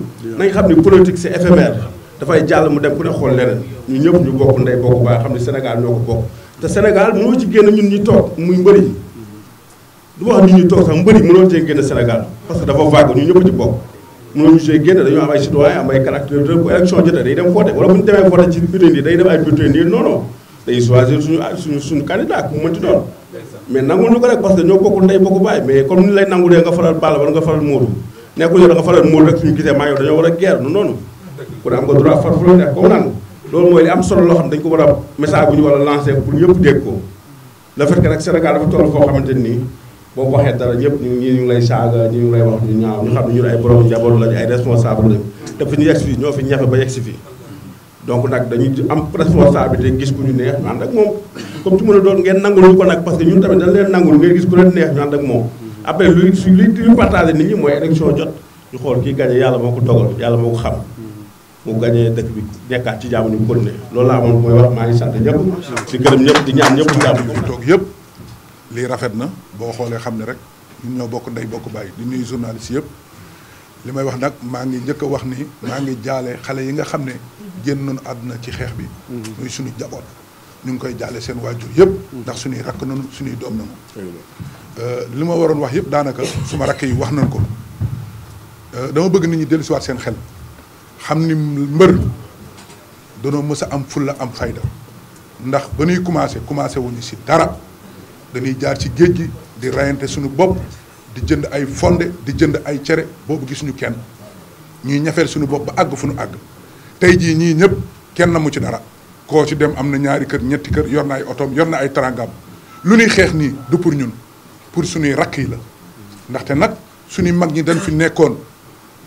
xam ni politique c'est éphémère dafay jàll mu dem ku ne xool leneen ñu ñëpp ñu bokk ndey bokk baa xam ne Sénégal ñoo ko bokk te Sénégal mënoo ci génn ñun ñu toog muy mbëri du wax ñun ñu toog sax mbëri mënoo cee génn Sénégal parce que dafa vague ñu bokk mënoo ñu cee génn dañoo am ay citoyen am ay caractère bu élection jotee day dem voté wala bu ñu demee voté ci bulletin yi day dem ay bulletin yi non non choisir suñu suñu suñu candidat ku mënti doon mais nangul ñu ko rek parce que ñoo bokkul ndey bokku baay mais comme ni lay nangulee nga faral Balla wala nga faral Modou nekkul yow da nga faral Modou rek suñu gisee maa dañoo war a guerre noonu ku am nga droit far fu la neex comme loolu mooy li am solo loo xam dañ ko war a message bu ñu war ko pour ñëpp dégg ko le fait que nag Sénégal dafa toll foo xamante nii boo waxee dara ñëpp ñu ñi ñu lay saaga ñu ngi lay wax ñu ñaaw ñu xam ne ñun ay borom njaboot lañu fi ñu yegg si donc nag dañuy am responsabilité gis ku ñu neex ñu ànd ak moom comme ci mën a doon ngeen nangul ñu ko nag parce que ñun tamit dañ leen nangul ngeen gis ku leen neex ñu ànd ak moom après luy luy luy nit ñi mooy élection jot ñu xool kii gagné yàlla moo ko dogal yàlla moo ko xam
mu gagné dëkk bi nekkaat ci jàmm ñu ko ne loolu laa amoon mooy wax maa ngi sant ñëpp di gërëm ñëpp di ñaan ñëpp jàmm ñu toog yëpp lii rafet na boo xoolee xam ne rek ñun ñoo bokk ndey bokk bàyyi di nuyu journaliste yëpp li may wax nag maa ngi njëkk a wax ni maa ngi jaale xale yi nga xam ne génn nañu àdduna ci xeex bi mm-hmm. muy suñu jaboot ñu ngi koy jaale seen waajur yëpp mm-hmm. ndax suñuy rakk nañu suñuy doom nañu euh, li ma waroon wax yëpp daanaka suma rakk yi wax nañ ko euh, dama bëgg nit ñi dellu siwaat seen xel xam ni mbër danoo mës a am fulla am fayda ndax ba ñuy commencé commencé wuñu si dara dañuy jaar ci géej gi di rayante suñu bopp di jënd ay fonde di jënd ay cere boobu gisuñu kenn ñuy ñafeel suñu bopp ba àgg fu ñu àgg tey jii ñii ñëpp kenn mu ci dara koo ci dem am na ñaari kër ñetti kër yor na ay otoom yor na ay tarangam lu ñuy xeex nii du pour ñun pour suñuy rakk yi la ndaxte nag suñu mag ñi dañ fi nekkoon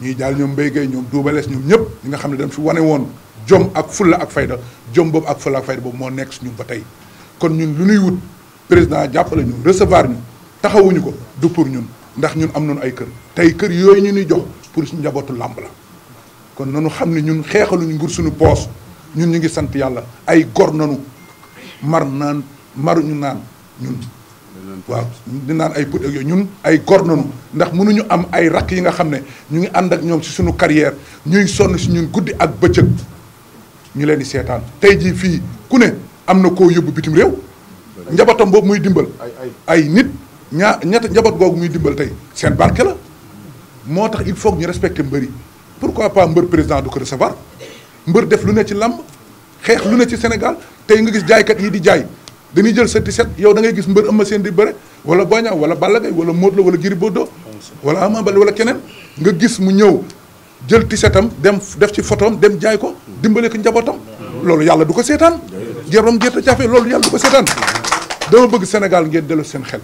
ñuy jaal ñoom Mbaye Guèye ñoom Double Less ñoom ñëpp ñi nga xam ne dañ fi wane woon jom ak fulla ak fayda jom boobu ak fulla ak fayda boobu moo nekk suñu ba tey kon ñun lu ñuy président jàppale ñu recevoir taxawuñu ko du ñun ndax ñun am nañu ay kër tey kër yooyu ñu ñuy jox pour njabootu làmb la kon nanu xam ne ñun xeexaluñu ngir suñu poos ñun ñu ngi sant yàlla ay gor nanu mar naan maruñu naan ñun waaw di naan ay pët ak yooyu ñun ay gor nanu ndax mënuñu am ay rakk yi nga xam ne ñu ngi ànd ak ñoom si suñu carrière ñuy sonn si ñun guddi ak bëccëg ñu leen di seetaan tey jii fii ku ne am na koo yóbbu bitim réew njabootam boobu muy dimbal ay nit ñaa ñett njaboot googu muy dimbal tey seen barke la moo tax il faut ñu ñu respecter mbëri pourquoi pas mbër président du ko recevoir mbër def lu ne ci làmb xeex lu ne ci Sénégal tey nga gis jaaykat yi di jaay dañuy jël sa tiset yow dangay gis mbër ma Sène di bëre wala Boy Niang wala Balla Gaye wala Modou Lô wala Gris Bordeaux wala Ama Baldé wala keneen nga gis mu ñëw jël tisetam dem def ci photom dem jaay ko dimbale njabootam loolu yàlla du ko seetaan jarom gerte caafe loolu yàlla du bëgg Sénégal ngeen dellu seen xel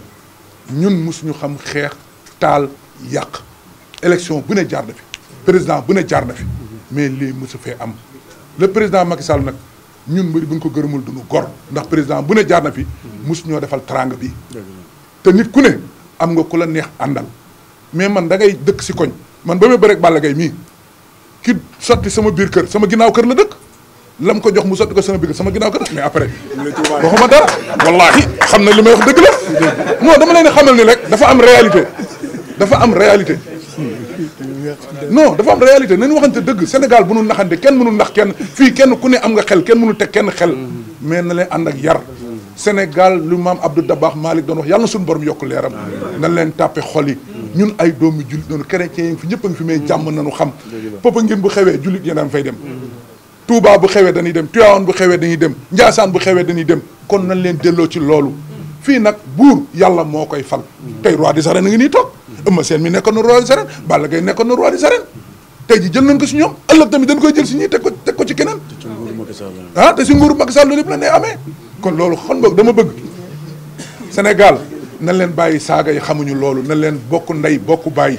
ñun mosuñu xam xeex taal yàq élection bu ne jaar na fi président bu ne jaar na fi mais lii mosu fee am le président Macky Sall nag ñun mbir bu ñu ko gërëmul duñu gor ndax président bu ne jaar na fi mosu ñoo defal trang bi te nit ku ne am nga ku la neex àndal mais man da ngay dëkk si koñ man ba may bëreeg Balla Gaye mii ki sotti sama biir kër sama ginnaaw kër la dëkk lam ko jox mu sotti ko sama biir sama ginnaaw kër mais après waxuma dara wallaahi xam na li may wax dëgg la non dama leen xamal ni rek dafa am réalité dafa am réalité non dafa am réalité nañu waxante dëgg Sénégal bu nu naxante kenn mënu ndax kenn fii kenn ku ne am nga xel kenn mënu teg kenn xel mais na leen ànd ak yar Sénégal lu maam Abdou Dabakh Malick doon wax yàlla na suñu borom yokk leeram nan leen tàppe xol yi ñun ay doomi jullit noonu chrétien yi fi ñëpp a ngi xam papa ngeen bu xewee jullit a fay dem Touba bu xewee dañuy dem Tivaouane bu xewee dañuy dem Ndiassane bu xewee dañuy dem kon nañ leen delloo ci loolu fii nag buur yàlla moo koy fal tey roi des arènes a ngi nii toog Eumeu Sène mi nekkoon na roi des arènes Balla Gaye nekkoon na roi des arènes tey ji jël nañ ko si ñoom ëllëg tamit dañ koy jël si ñii teg ko teg ko ci keneen ah te si nguuru Macky Sall loolu yëpp la ne amee kon loolu xam nga dama bëgg Sénégal nañ leen bàyyi saaga yi xamuñu loolu nañ leen bokk ndey bokk bàyyi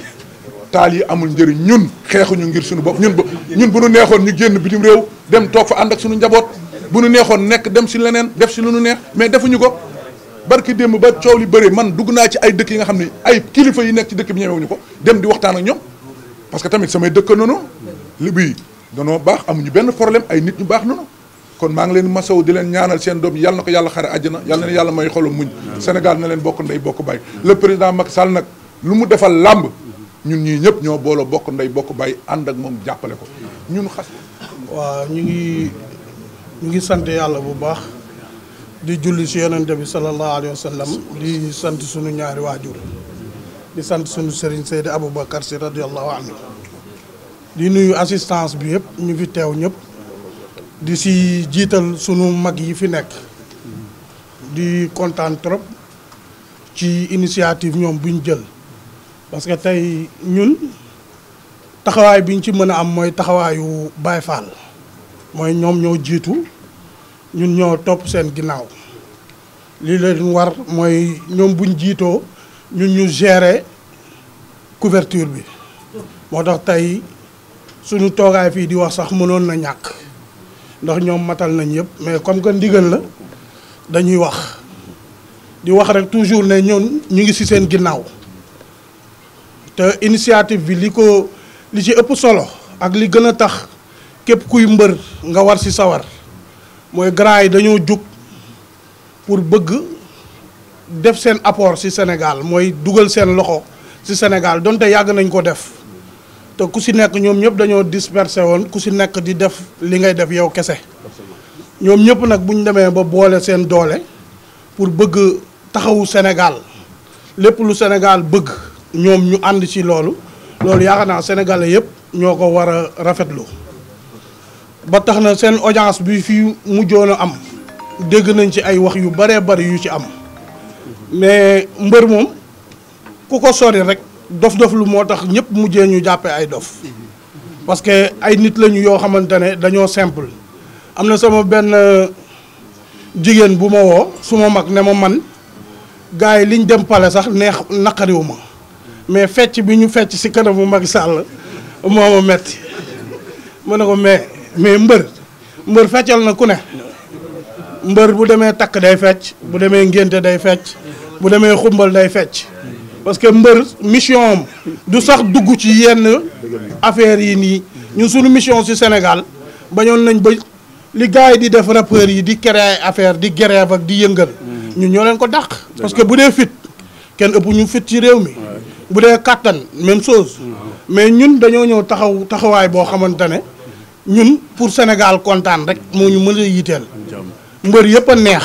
taal yi amul njëriñ ñun xeexuñu ngir suñu bopp ñun ñun bu ñu neexoon ñu génn bitim réew dem toog fa ànd ak suñu njaboot bu nu neexoon nekk dem si leneen def si lu nu neex mais defuñu ko barki démb ba coow li bëri man dugg naa ci ay dëkk yi nga xam ne ay kilifa yi nekk ci dëkk bi ñemewuñu ko dem di waxtaan ak ñoom parce que tamit samay dëkk noonu li bii danoo baax am amuñu benn problème ay nit ñu baax noonu kon maa ngi leen masaw di leen ñaanal seen doom yàlla na ko yàlla xare na yàlla na yàlla may xolom muñ Sénégal na leen bokk ndey bokk bàyyi le président Macky nag lu mu defal làmb ñun ñii ñëpp ñoo booloo bokk ndey bokk bàyyi ànd ak moom jàppale ko ñun xas waaw ñu ngi ñu ngi sant yàlla bu baax
di julli si yonente bi sallallahu alayhi wa di sant sunu ñaari waajur di sant sunu sëriñ Seydi Aboubacar si radiallahu anhu di nuyu assistance bi yëpp ñu fi teew ñëpp di si jiital sunu mag yi fi nekk di kontaan trop ci initiative ñoom buñ jël parce tey ñun taxawaay bi ñu ci mën a am mooy taxawaayu Baye Fall mooy ñoom ñoo jiitu ñun ñoo topp seen ginnaaw li leen war mooy ñoom buñ jiitoo ñun ñu gere couverture bi moo tax tey suñu toogaay fii di wax sax mënoon na ñàkk ndax ñoom matal nañ yëpp mais comme que ndigal la dañuy wax di wax rek toujours ne ñoom ñu ngi ci seen ginnaaw te initiative bi li ko li ci ëpp solo ak li gën a tax képp kuy mbër nga war ci sawar mooy grand yi dañoo jug pour bëgg def seen apport ci Sénégal mooy dugal seen loxo ci Sénégal donte yàgg nañ ko def te ku ci nekk ñoom ñëpp dañoo dispersé woon ku ci nekk di def li ngay def yow kese ñoom ñëpp nag bu ñu demee ba boole seen doole pour bëgg taxawu Sénégal lépp lu Sénégal bëgg ñoom ñu ànd ci loolu loolu yaakaar naa sénégalais yëpp ñoo ko war a rafetlu ba tax na seen audience bi fii mujjoon a am dégg nañ ci ay wax yu bëree bëri yu ci am mais mbër moom ku ko sori rek dof-dof lu moo tax ñëpp mujjee ñu jàppee ay dof parce que ay nit lañu yoo xamante ne dañoo simple am na sama benn jigéen bu ma woo su ma mag ne ma man gars yi liñ dem pale sax neex naqariwu ma mais fecc bi ñu fecc si kanamu Macky Sall moo ma metti ma ne ko mais mais mbër mbër feccal na ku ne mbër bu demee takk day fecc bu demee ngénte day fecc bu demee xumbal day fecc parce que mbër mission du sax dugg ci yenn affaires yi nii ñun sunu mission si Sénégal bañoon nañ ba li gars yi di def rappeurs yi di créer affaire di grève ak di yëngal ñun ñoo leen ko dàq parce que bu dee fit kenn ëpp ñu fit ci réew mi bu dee kàttan même chose mais ñun dañoo ñëw taxaw taxawaay boo xamante ne ñun pour Sénégal kontaan rek moo ñu mën a yiteel mbër yëpp a neex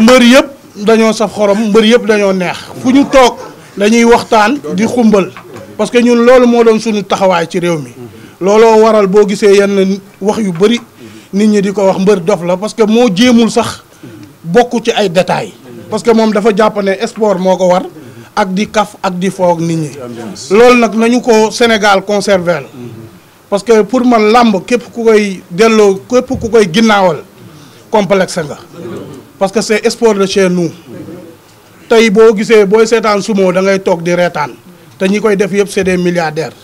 mbër yëpp dañoo saf xorom mbër yëpp dañoo neex fu ñu toog dañuy waxtaan di xumbal parce que ñun loolu moo doon suñu taxawaay ci réew mi looloo waral boo gisee yenn wax yu bëri nit ñi di ko wax mbër dof la parce que moo jéemul sax bokk ci ay détails parce que moom dafa jàpp ne sport moo ko war ak di kaf ak di foog nit ñi loolu nag nañu ko Sénégal conserver la parce que pour man làmb képp ku koy delloo képp ku koy ginnaawal complexe nga parce que c'est sport de chez nous tey boo gisee booy seetaan sumoo da ngay toog di reetaan te ñi koy def yëpp c'est des milliardaires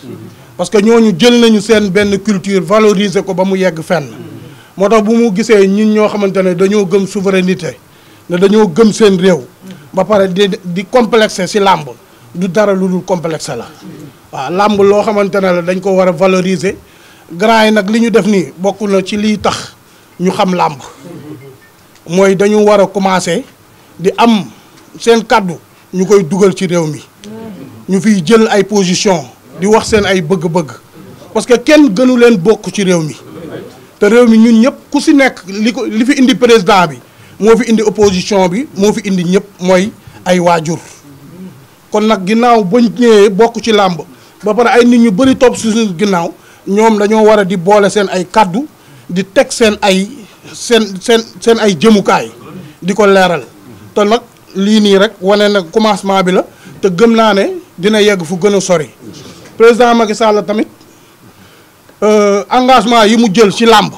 parce que ñooñu jël nañu seen benn culture valoriser ko ba mu yegg fenn moo tax bu mu gisee ñun ñoo xamante ne dañoo gëm souveraineté dañoo gëm seen réew ba pare di di complexe si làmb du dara lu dul complexe la waaw làmb loo xamante ne la dañ ko war a valoriser grand yi nag li ñu def nii bokk na ci lii tax ñu xam làmb mooy dañu war a commencé di am seen kàddu ñu koy dugal ci réew mi ñu fiy jël ay position di wax seen ay bëgg-bëgg parce que kenn gënu leen bokk ci réew mi te réew mi ñun ñëpp ku si nekk li ko li fi indi président bi moo fi indi opposition bi moo fi indi ñëpp mooy ay waajur kon nag ginnaaw bañ ñëwee bokk ci làmb ba pare ay nit ñu bëri topp suñu ginnaaw ñoom dañoo war a di boole seen ay kàddu di teg seen ay seen seen seen ay jëmukaay di ko leeral te nag lii nii rek wane na commencement bi la te gëm naa ne dina yegg fu gën a sori président Macky Sall tamit euh, engagement yi mu jël ci làmb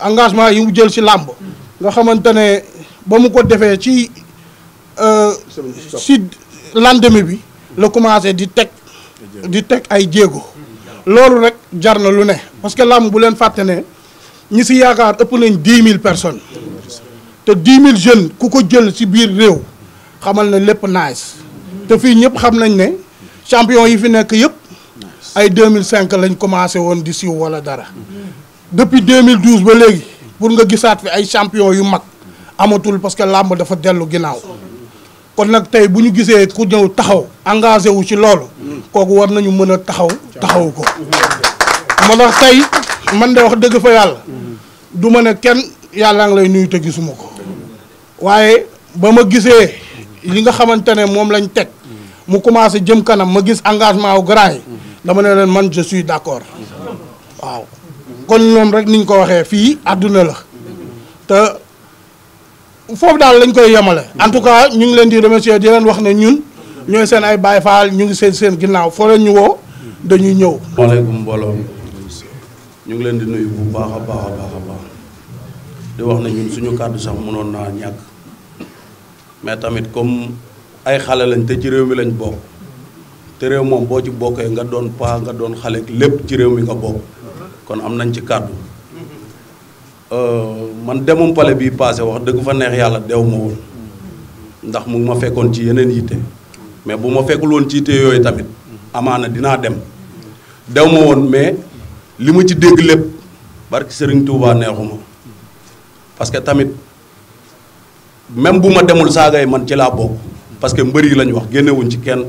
engagement yi mu jël ci làmb nga xamante ne ba mu ko defee ci euh, si lendemain bi la commencé di teg di teg ay jéego loolu rek jar na lu ne parce que làmb bu leen fàtte ne ñi si yaakaar ëpp nañ dix mille personnes te dix mille jeunes ku ko jël ci biir réew xamal na lépp nice te fii ñëpp xam nañ ne champion yi fi nekk yëpp ay mille cinq lañ commencé woon di siiw wala dara depuis 2012 ba léegi pour nga gisaat fi ay champion yu mag amatul parce que làmb dafa dellu ginnaaw kon nag tey bu ñu gisee ku ñëw taxaw engagé wu ci loolu kooku war nañu mën a taxaw taxaw ko moo tax tey man de wax dëgg fa yàlla du ma ne kenn yàlla ngi lay nuyu te gisuma ko waaye ba ma gisee li nga xamante ne moom lañ teg mu commencé jëm kanam ma gis engagement wu grand yi dama ne leen man je suis d'accord waaw kon loolu rek niñ ko waxee fii àdduna la te foofu daal lañ koy yemale. en tout cas ñu ngi leen di remercier di leen wax ne ñun ñooy seen ay Baay Faal ñu ngi seen seen ginnaaw foo leen ñu woo
dañuy ñëw. maaleykum mbooloo ñu ngi leen di nuyu bu baax a baax a baax a baax di wax ne ñun suñu kàddu sax mënoon naa ñàkk mais tamit comme ay xale lañ te ci réew mi lañ bokk te réew moom boo ci bokkee nga doon paa nga doon xale lépp ci réew mi nga bokk. kon am nañ ci kàddu euh, man demum pale bii passé wax dëgg fa neex yàlla dew ma woon ndax mu ma fekkoon ci yeneen yitte mais bu ma fekkul woon ci yitte yooyu tamit amaana dinaa dem dew ma woon mais li ma ci dégg lépp barki Serigne Touba neexuma parce que tamit même bu ma demul saaga yi man ci laa bokk parce que mbër yi lañ wax génnewuñ ci kenn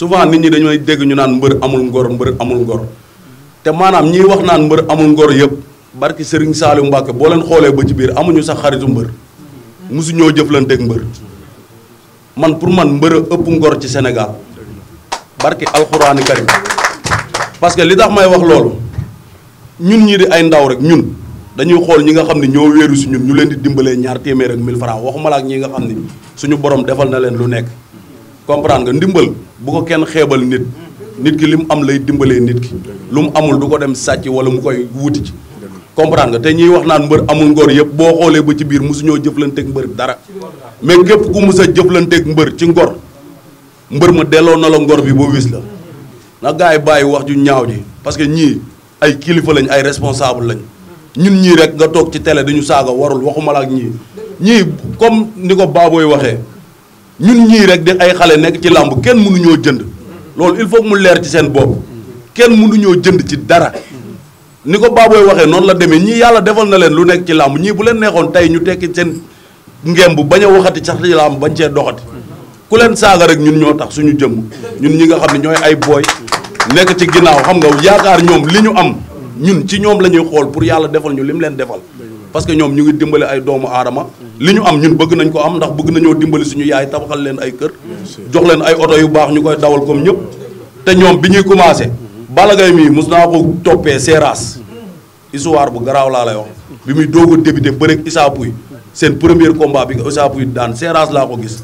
souvent nit ñi dañuy dégg ñu naan mbër amul ngor mbër amul ngor te maanaam ñi wax naan mbër amul ngor yëpp barki Serigne saalu Mbacke boo leen xoolee ba ci biir amuñu sax xaritu mbër mosu ñoo jëflanteeg mbër man pour man mbër a ëpp ngor ci Sénégal barki alxuraani karim parce que li tax may wax loolu ñun ñii di ay ndaw rek ñun dañuy xool ñi nga xam ne ñoo wéeru si ñun ñu leen di dimbalee ñaar téeméer ak 1000 francs waxuma la ak ñi nga xam ni suñu borom defal na leen lu nekk comprendre nga ndimbal bu ko kenn xeebal nit. nit ki li mu am lay dimbalee nit ki lu mu amul du ko dem sàcc wala mu koy wuti ci comprendre nga te ñuy wax naan mbër amul ngor yëpp boo xoolee ba ci biir mosuñoo jëflanteeg mbër dara mais képp ku mus a jëflanteeg mbër ci ngor mbër ma delloo na la ngor bi ba wis la na gars yi bàyyi wax ju ñaaw ji parce que ñii ay kilifa lañ ay responsable lañ ñun ñii rek nga toog ci télé dañu saaga warul waxuma la ak ñii ñii comme ni ko baabooy waxee ñun ñii rek di ay xale nekk ci làmb kenn mënuñoo jënd loolu il faut mu leer ci seen bopp kenn mënuñoo jënd ci dara ni ko baabooy waxee noonu la demee ñii yàlla defal na leen lu nekk ci làmb ñii bu leen neexoon tey ñu tekki seen ngemb bañ a waxati sax ci làmb bañ cee doxati ku leen saaga rek ñun ñoo tax suñu jëmm ñun ñi nga xam ne ñooy ay booy nekk ci ginnaaw xam nga yaakaar ñoom li ñu am ñun ci ñoom la ñuy xool pour yàlla defal ñu li lim leen defal parce que ñoom ñu ngi dimbale ay doomu aadama li ñu am ñun bëgg nañ ko am ndax bëgg nañoo dimbali suñu yaay tabaxal leen ay kër jox leen ay oto yu baax ñu koy dawal koom ñëpp te ñoom bi ñuy commencé Balla Gaye mii mus naa ko toppee seeraas histoire bu garaaw laa lay wax bi muy doog a débuté bëreeg Issa Pouye seen premier combat bi Issa Pouye daan seeraas laa ko gis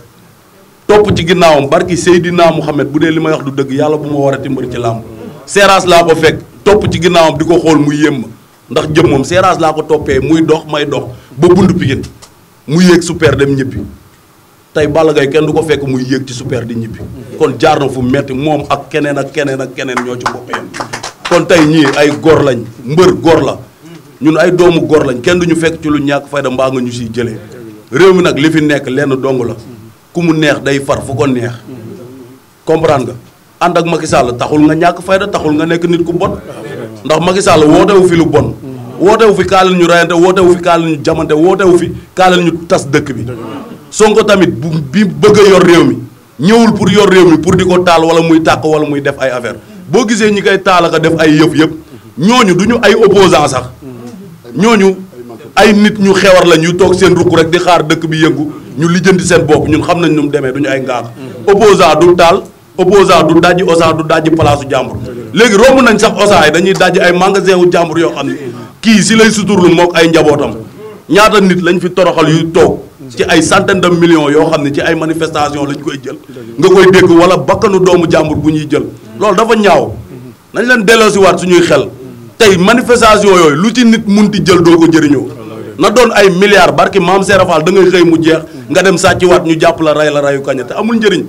topp ci ginnaawam barki naa Mouhamed bu dee li may wax du dëgg yàlla bu ma war a timbali ci làmb seeraas laa ko fekk topp ci ginnaawam di ko xool mu yemb ndax jëm moom seeraas laa ko toppee muy dox may dox ba bund Pikine mu yéeg super dem ñibbi tey Balla Gaye kenn du ko fekk mu yéeg ci super di ñibbi kon jaar na fu metti moom ak keneen ak keneen ak keneen ñoo ci bopp yam kon tey ñii ay góor lañ mbër góor la ñun ay doomu góor lañ kenn du ñu fekk ci lu ñàkk fayda mbaa nga ñu siy jëlee réew mi nag li fi nekk lenn dong la ku mu neex day far fu ko neex comprendre nga ànd ak Macky Sall taxul nga ñàkk fayda taxul nga nekk nit ku bon ndax Macky Sall wootewu fi lu bon woote wu fi kaalal ñu rayante woote wu fi kaalal ñu jamante woote wu fi kaalal ñu tas dëkk bi Sonko tamit bu bi bëgg a yor réew mi ñëwul pour yor réew mi pour di ko taal wala muy tàq wala muy def ay affaire boo gisee ñi koy taalaka def ay yëf yëpp ñooñu du ñu ay opposant sax ñoo ñu ay nit ñu xewar la ñuy toog seen rukk rek di xaar dëkk bi yëngu ñu lijjanti seen bopp ñun xam nañ nu mu demee du ñu ay ngaar opposant du taal opposant du dajji osa du dajji palaasu jàmbur léegi romb nañ sax osa dañuy dajji ay magasin wu jàmbur yoo xam ne kii si lay suturlu mook ay njabootam ñaata nit lañ fi toroxal yu toog ci ay centaine de millions yoo xam ne ci ay manifestation lañ koy jël nga koy dégg wala bakkanu doomu jàmbur bu ñuy jël loolu dafa ñaaw nañ leen delloosiwaat suñuy xel tey manifestation yooyu lu ci nit mun ti jël doo ko jëriñoo na doon ay milliards barki maam Serafal da ngay xëy mu jeex nga dem sàcciwaat ñu jàpp la rey la reyu kaña te amul njëriñ